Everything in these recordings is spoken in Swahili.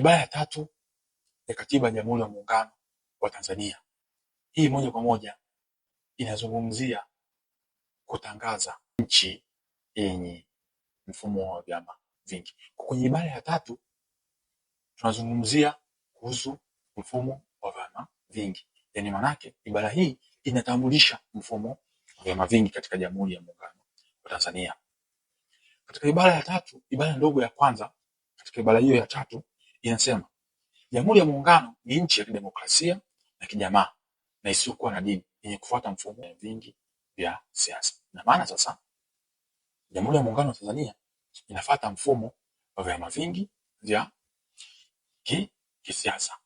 Ibara ya tatu ya Katiba ya Jamhuri ya Muungano wa Tanzania hii moja kwa moja inazungumzia kutangaza nchi yenye mfumo wa vyama vingi. Kwenye ibara ya tatu tunazungumzia kuhusu mfumo wa vyama vingi, yaani manake ibara hii inatambulisha mfumo wa vyama vingi katika Jamhuri ya Muungano wa Tanzania. Katika ibara ya tatu, ibara ndogo ya kwanza katika ibara hiyo ya tatu inasema Jamhuri ya Muungano ni nchi ya kidemokrasia na kijamaa na isiyokuwa na dini yenye kufuata mfumo wa vingi vya siasa. Na maana sasa Jamhuri ya Muungano wa Tanzania inafuata mfumo wa vyama vingi vya ki kisiasa.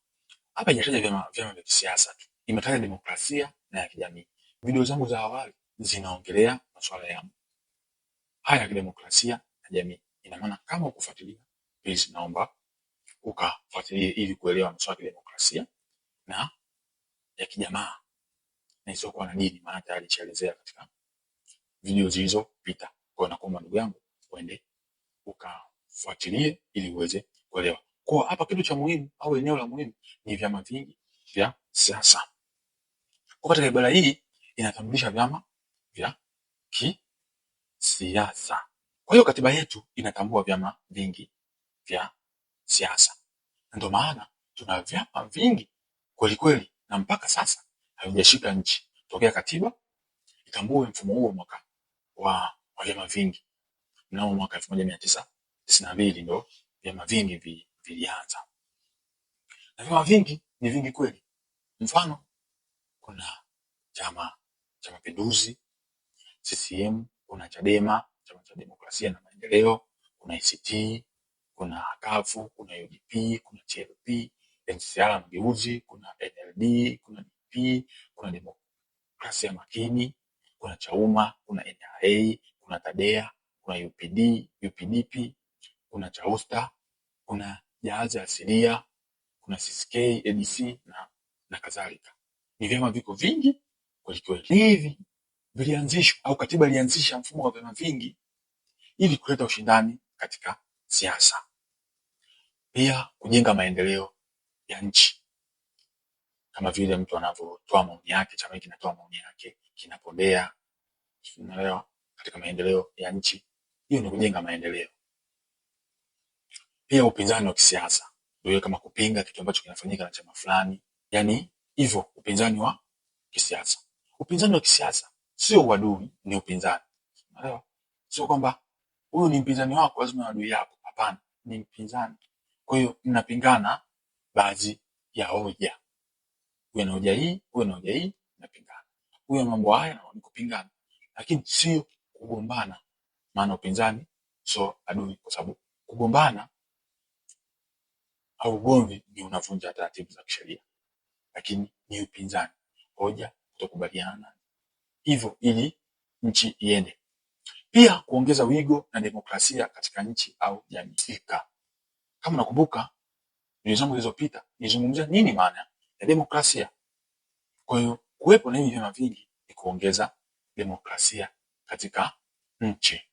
Hapa haijataja vyama vya kisiasa tu, imetaja demokrasia na ya kijamii. Video zangu za awali zinaongelea masuala ya haya ya kidemokrasia na jamii. Ina maana kama ukufuatilia, please naomba ukafuatilie ili kuelewa masuala ya demokrasia na ya kijamaa na isiyokuwa na dini, maana tayari nishaelezea katika video zilizopita. Kwa nakuomba ndugu yangu uende ukafuatilie ili uweze kuelewa. Kwa hapa kitu cha muhimu au eneo la muhimu ni vyama vingi vya siasa. Kwa katika ibara hii inatambulisha vyama vya kisiasa. Kwa hiyo katiba yetu inatambua vyama vingi vya siasa na ndio maana tuna vyama vingi kwelikweli, na mpaka sasa havijashika nchi tokea katiba itambue mfumo huo mwaka wa vyama vingi mnamo mwaka elfu moja mia tisa tisini na mbili ndo vyama vingi vilianza, na vyama vingi ni vingi kweli. Mfano, kuna chama cha Mapinduzi, CCM, kuna Chadema, chama cha Demokrasia na Maendeleo, kuna ict kuna kafu kuna udp kuna tlp NCCR Mageuzi, kuna NLD, kuna DP, kuna Demokrasia Makini, kuna Chauma, kuna NRA, kuna Tadea, kuna UPD, UPDP, kuna Chausta, kuna Jahazi Asilia, kuna CCK, ADC na, na kadhalika. Ni vyama viko vingi kwelikweli. Hivi vilianzishwa au katiba ilianzisha mfumo wa vyama vingi ili kuleta ushindani katika siasa pia kujenga maendeleo ya nchi kama vile mtu anavyotoa maoni yake, chama kinatoa maoni yake, kinapondea, unaelewa, katika maendeleo ya nchi. Hiyo ni kujenga maendeleo. Pia upinzani wa kisiasa ndio kama kupinga kitu ambacho kinafanyika na chama fulani, yani hivyo. Upinzani wa kisiasa, upinzani wa kisiasa sio uadui, ni upinzani, unaelewa? Sio kwamba huyu ni mpinzani wako lazima adui yako, hapana, ni mpinzani. Kwa hiyo mnapingana baadhi ya hoja, huyo na hoja hii, huyo na hoja hii, mnapingana. Huyo mambo haya ni kupingana, lakini sio kugombana, maana upinzani sio adui, kwa sababu kugombana au ugomvi ni unavunja taratibu za kisheria, lakini ni upinzani, hoja kutokubaliana, hivyo ili nchi iende. Pia kuongeza wigo na demokrasia katika nchi au jamii. Kama nakumbuka video zangu zilizopita, nizungumzia nini maana ya demokrasia. Kwa hiyo kuwepo na hivi vyama vingi ni kuongeza demokrasia katika nchi.